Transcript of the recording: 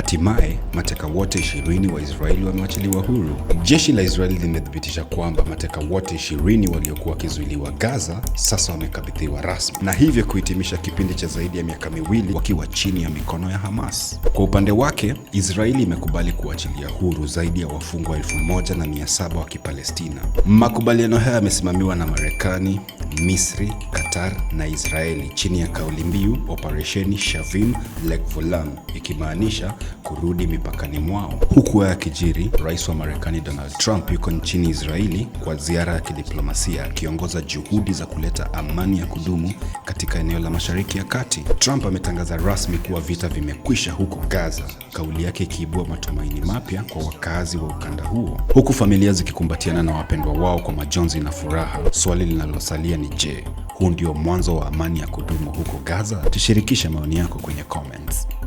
Hatimaye mateka wote ishirini wa Israeli wamewachiliwa huru. Jeshi la Israeli limethibitisha kwamba mateka wote ishirini waliokuwa wakizuiliwa Gaza sasa wamekabidhiwa rasmi, na hivyo kuhitimisha kipindi cha zaidi ya miaka miwili wakiwa chini ya mikono ya Hamas. Kwa upande wake, Israeli imekubali kuachilia huru zaidi ya wafungwa elfu moja na mia saba wa Kipalestina. Makubaliano haya yamesimamiwa na Marekani, Misri, Qatar na Israeli chini ya kauli mbiu Operesheni Shavim Lake ikimaanisha kurudi mipakani mwao. Huku haya yakijiri, rais wa Marekani Donald Trump yuko nchini Israeli kwa ziara ya kidiplomasia, akiongoza juhudi za kuleta amani ya kudumu katika eneo la Mashariki ya Kati. Trump ametangaza rasmi kuwa vita vimekwisha huko Gaza, kauli yake ikiibua matumaini mapya kwa wakazi wa ukanda huo, huku familia zikikumbatiana na wapendwa wao kwa majonzi na furaha. Swali linalosalia ni je, huu ndio mwanzo wa amani ya kudumu huko Gaza? Tushirikishe maoni yako kwenye comments.